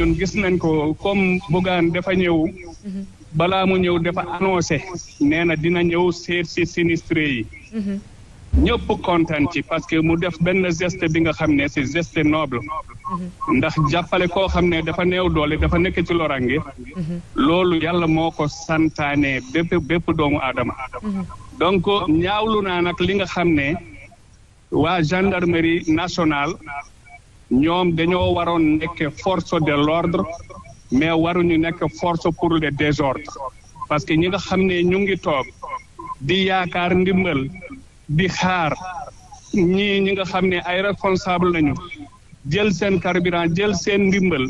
ñun gis nañ ko comme Bougane dafa ñëw balaa mu ñëw dafa annoncé nee na dina ñëw seet si sinistré yi ñëpp kontaan ci parce que mu def benn geste bi nga xam ne si geste noble ndax jàppale koo xam ne dafa néew doole dafa nekk ci lorange loolu yàlla moo ko santaane bépp bépp doomu aadama donc ñaawlu naa nag li nga xam ne waa gendarmerie nationale ñoom dañoo waroon nekk force de l'ordre mais waruñu nekk force pour le désordre parce que ñi nga xam ne ñu ngi toog di yaakaar ndimbal di xaar ñi ñi nga xam ne ay responsable lañu jël seen carburant jël seen ndimbal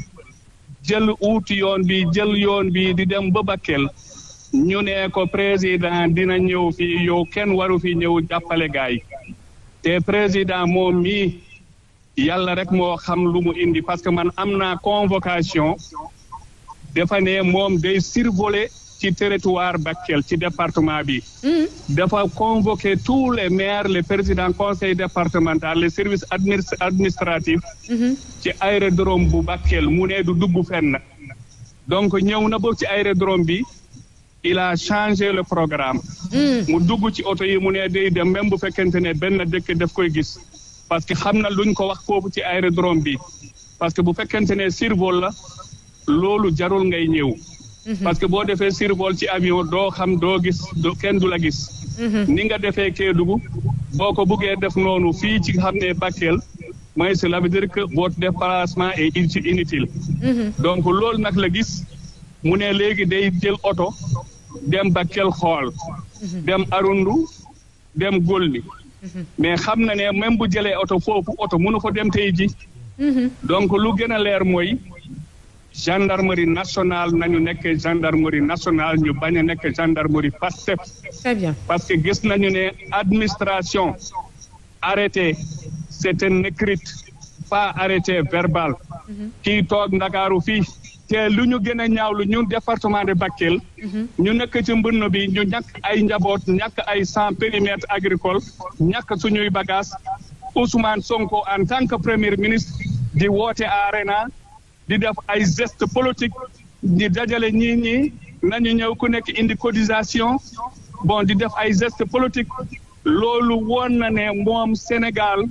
jël uuti yoon bi jël yoon bi di dem ba Bakel ñu ne ko président dina ñëw fii yow kenn waru fi ñëw jàppale gaay te président moom mii yàlla rek moo xam lu mu indi parce que man am naa convocation dafa ne moom day survoler ci territoire Bakel ci département bi. Mm-hmm. dafa convoquer tous les maires les présidents conseil départemental les services administratifs. Mm-hmm. ci aérodrome bu Bakel mu ne du dugg fenn. donc ñëw na ba ci aérodrome bi il a changé le programme. Mm. mu dugg ci oto yi mu ne day de même bu fekkente ne benn dëkk daf koy gis. parce que xam na luñ ko wax foofu ci aérodrome bi parce que bu fekkente ne survol la loolu jarul ngay ñëw. Mhm. parce que boo defee survol ci avion doo xam doo gis doo kenn du la gis. Mhm. ni nga defee Kédougou boo ko buggee def noonu fii ci xam ne Bakel mooy cela veut dire que votre déplacement est inutile. Mhm. donc loolu nag la gis mu ne léegi day jël oto dem Bakel xool. dem Arundu dem Golli. mais xam na ne même bu jëlee oto foofu oto mënu ko dem tey ji mhm. donc lu gën a leer mooy gendarmerie nationale nañu nekk gendarmerie national ñu bañ a nekk gendarmerie Pastef très bien parce que gis nañu ne administration arrêté c'est un écrit pas arrêté verbal mhm. kii toog Ndakaaru fii te lu ñu gën a ñaawlu ñun département de Bakel. Mhm. ñu nekk ci mbënn bi ñu ñàkk ay njaboot ñàkk ay sans périmètre agricole ñàkk suñuy bagage Ousmane Sonko en tant que premier ministre di woote arena di def ay geste politique di dajale ñii ñii nañu ñëw ku nekk indi cotisation bon di def ay geste politique loolu woon na ne moom Sénégal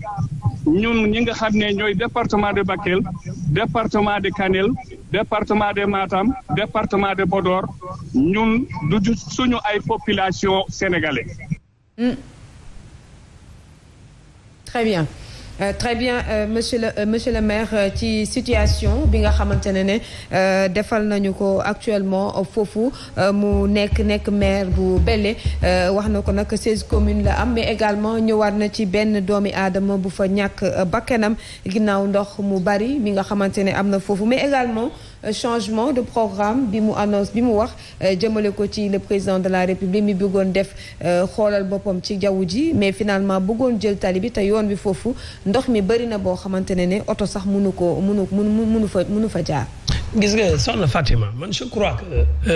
ñun ñi nga xam ne ñooy département de Bakel département de Kanel département de Matam département de Podor ñun suñu ay population sénégalais. Mmh. Très bien. Euh, très bien euh, monsieur le euh, maire euh, ci situation bi nga xamante ne ne euh, defal nañu ko actuellement foofu mu nekk nekk maire bu Bélé wax na ko nag seize commune la am mais également ñëwaat na ci benn doomi aadama bu fa ñàkk bakkanam ginnaaw ndox mu bari mi nga xamante ne am na foofu mais également Euh, changement de programme bi mu annonce bi mu wax euh, jëmale ko ci le président de la république mi bëggoon def euh, xoolal boppam ci jaww ji mais finalement bëggoon jël tali bi te yoon bi foofu ndox mi bëri na boo xamante ne ne oto sax munu ko mënu mënu fa mënu fa jaar. gis nga soxna Fatima man je crois que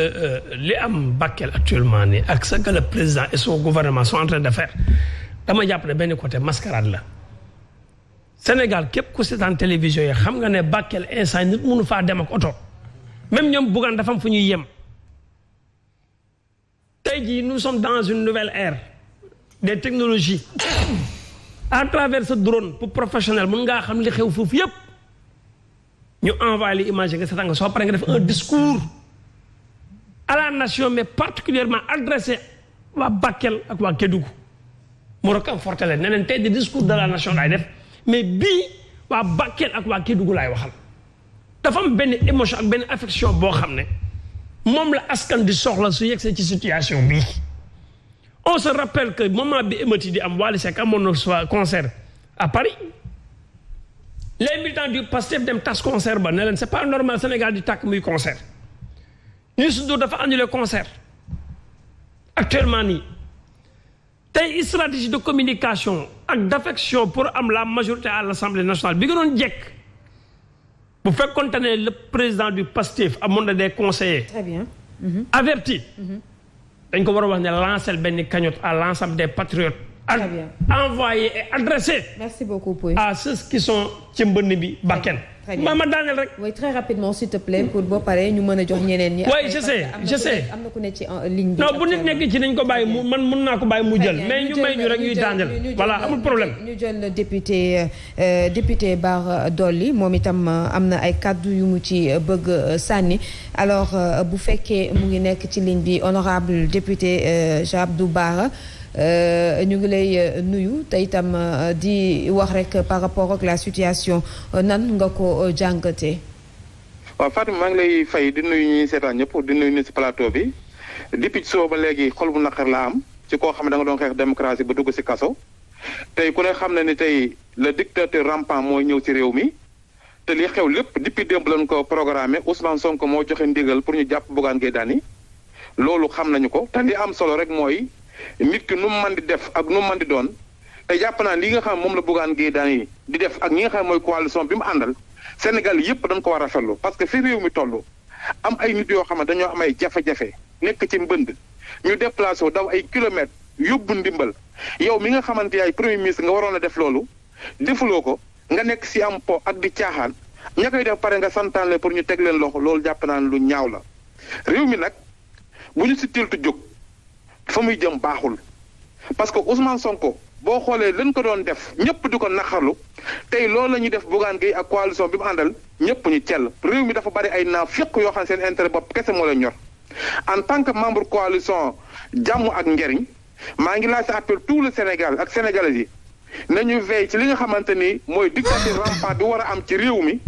li am Bakel actuellement nii ak sa que président et son gouvernement sont en de faire dama jàpp ne benn côté mascarade la. Sénégal képp ku seetaan télévision yi xam nga ne Bakel instant nit mënu faa dem ak oto même ñoom buggaan dafa am fu ñuy yem tey jii nous sommes dans une nouvelle ère des technologies à travers ce drone pour professionnel mun ngaa xam li xew foofu yépp ñu envoyé li image nga seetaan nga soo paree nga def un discours à la nation mais particulièrement adressé waa Bakel ak waa Kédougou mu rek am fortale ne leen tey di discours de la nation lay def mais bii waa Bakel ak waa Kédougou laay waxal dafa am benn émotion ak benn affection boo xam ne moom la askan di soxla su yegsee ci situation bii on se rappelle que moment bi émeute di am Wally Seck amoon na soit concert à Paris les militants du Pastef dem tas concert ba ne leen c'est pas normal Sénégal di tàkk muy concert Youssou Ndour dafa annulé concert actuellement nii tey stratégie de communication ak d'affection pour am la majorité à l'Assemblée nationale bi nga doon jekk bu fekkoonte ne le président du PASTEF amoon na des conseillers. très bien. averti. Mhm. dañ ko war a wax ne lancer benn cagnotte à l'ensemble des patriotes. envoyé et adressé. merci beaucoup Pouy. à ceux qui sont mbënn bi Bakel. ma ma daaneel rek. oui très rapidement s'il te plaît pour boo pare ñu mën a jox ñeneen ñi. oui je sais je am na ku ne ci ligne bi. non bu nit nekk ci nañ ko bàyyi mu man mën naa ko bàyyi mu jël. mais ñu may ñu rek ñuy daaneel voilà amul problème. ñu jël député euh, député Bara euh, Dolly moom itam euh, am na ay kàddu yu mu ci bëgg sànni alors bu fekkee mu ngi nekk ci ligne bi honorable député Abdou Bara. Euh, ñu ngi lay euh, nuyu tey itam euh, di wax rek par rapport ak la situation nan nga ko jàngatee. waaw Fatou maa ngi lay fay di nuyu ñuy seetaan ñëpp di nuyu ñu si plateau bi depuis soo ba léegi xol bu naqar laa am ci koo xam ne danga nga doon xeex démocratie ba dugg si kaso. tey ku ne xam na ni tey le dictateur rampant mooy ñëw ci réew mi te li xew lépp depuis démb lañ ko programme Ousmane Sonko moo joxe ndigal pour ñu jàpp Bougane Gueye Dany loolu xam nañu ko te li am solo rek mooy nit ki nu mu mën di def ak nu mu mën di doon te jàpp naa li nga xam moom la Bougane Gueye Dany di def ak ñi nga xam mooy coalition bi mu àndal Sénégal yëpp dañ ko war a rafetlu parce que fi réew mi toll am ay nit yoo xam ne dañoo am ay jafe-jafe nekk ci mbënd ñu déplacé wu daw ay kilomètres yóbbu ndimbal yow mi nga xamante yaay premier ministre nga waroon a def loolu defuloo ko nga nekk si am po ak di caaxaan ña koy def pare nga santaanle pour ñu teg leen loxo loolu jàpp naa lu ñaaw la réew mi nag bu si tiltu jóg fa muy jëm baaxul parce que Ousmane Sonko boo xoolee lañ ko doon def ñëpp di ko naqarlu tey loolu la ñuy def Bougane Gueye ak coalition bi mu àndal ñëpp ñu cell réew mi dafa bari ay naafiq yoo xam seen intérêt bopp kese moo ñor en tant que membre coalition jàmm ak njariñ maa ngi laaj sa appel tout le Sénégal ak sénégalais yi nañu veille ci li nga xamante ni mooy dictature rampant bi war a am ci réew mi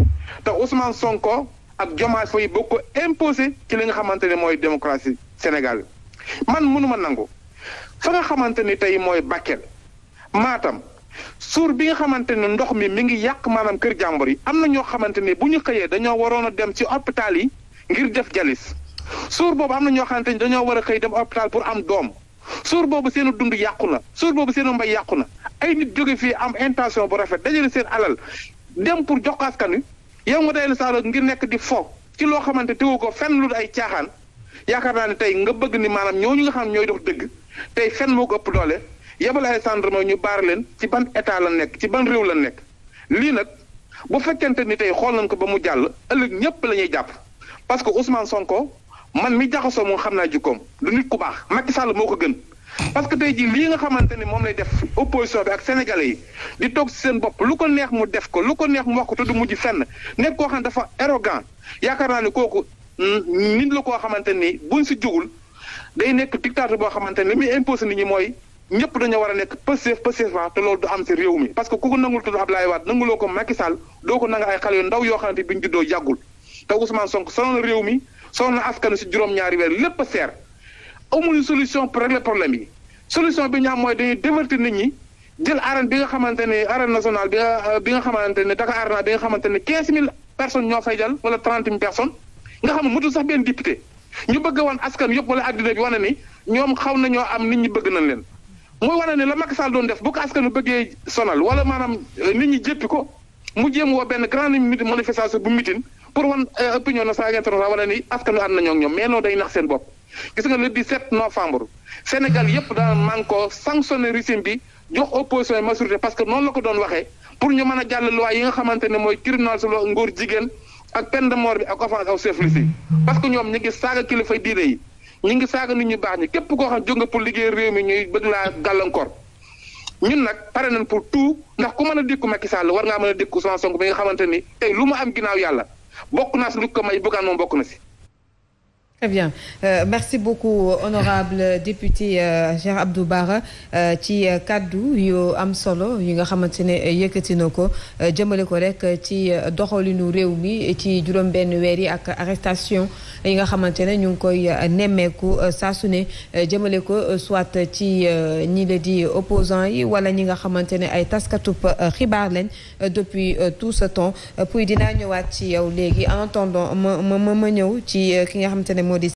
te Ousmane Sonko ak Diomaye yi boo ko imposé ci li nga xamante ni mooy démocratie Sénégal man mënuma nangu fa nga xamante ni tey mooy Bakel maatam suur bi nga xamante ne ndox mi mi ngi yàq maanaam kër jàmbur yi am na ñoo xamante ne bu ñu xëyee dañoo waroon a dem ci hôpital yi ngir def jalis suur boobu am na ñoo xamante ni dañoo war a xëy dem hôpital pour am doom suur boobu seen dund yàqu na suur boobu seen mbay yàqu na ay nit jóge fii am intention bu rafet dajale seen alal dem pour jox askan wi yow nga dajale sa alal ngir nekk di fo ci loo xamante tewu ko fenn lu ay caaxaan. yaakaar naa ne tey nga bëgg ni maanaam ñooñu nga xam ñooy dox dégg tey fen moo ko ëpp doole yebal ay gendarme ñu baar leen ci ban état la nekk ci ban réew la nekk lii nag bu fekkente ni tey xool nañ ko ba mu jàll ëllëg ñépp la ñuy jàpp parce que Ousmane Sonko man mi jaxasoo moom xam naa jikkoom du nit ku baax Macky Sall moo ko gën parce que tey jii lii nga xamante ni moom lay def opposition bi ak sénégalais yi di toog si seen bopp lu ko neex mu def ko lu ko neex mu wax ko mujj fenn nekk koo xam dafa arrogant yaakaar naa ne kooku nit la koo xamante ni buñ si jugul day nekk dictateur boo xamante ni li muy imposé nit ñi mooy ñëpp dañoo war a nekk passif passivement te loolu du mi. parce que ko nangul tudd Abdoulaye yoo xamante bi ñu juddoo yàggul te si juróom-ñaari weer lépp a seer amuñu solution pour régler bi ñu am mooy dañuy divertir nit ñi. jël arène bi nga ne arène nationale bi euh, nga bi xamante ne Dakar Arena bi nga xamante ne quinze mille personnes ñoo wala trente mille nga xam ne mutul sax benn député ñu bëgg a wan askan yëpp wala addina bi wane ni ñoom xaw nañoo am nit ñi bëgg nañ leen. mooy wane ne la Macky Sall doon def bu ko askan bi bëggee sonal wala maanaam euh, nit ñi jéppi ko mu jéem woo benn grande manifestation bu mitin pour wan euh, opinion na saa international wane ni askan wi ànd nañoo ñoom mais non day nax seen bopp. gis nga le 17 novembre Sénégal yëpp daan man ko sanctionné régime bi jox opposition majorité parce que noonu la ko doon waxee pour ñu mën a jàll loi yi nga xamante ne mooy tribunal su ngóor ak peine de mort bi ak offense aw chef yi parce que ñoom ñu ngi saaga kilifa diine yi ñu ngi saaga nit ñu baax ñi képp koo xam jóg nga pour liggéey réew mi ñuy bëgg laa gàllankoor ñun nag pare nañ pour tout ndax ku mën a dékku Macky Sall war nga mën a dékku Ousmane Sonko bi nga xamante ni tey lu mu am ginnaaw yàlla bokk naa si lu ko may bëggaan moom bokk na si Très bien euh, merci beaucoup honorable député euh, Cheikh Abdou Bara euh, ci euh, kàddu yu am solo yi nga xamante ne euh, yëkkati na ko jëmale ko rek ci doxalinu réew mi ci juróom-benn weer yi ak arrestation yi nga xamante ne ñu ngi koy nemmeeku saa jëmale ko soit ci ñi la di opposants yi wala ñi nga xamante ne ay taskatub xibaar lañ depuis tout ce temps puis dinaa ñëwaat ci yow léegi en attendant ma ma ñëw ci ki nga xamante ne moo di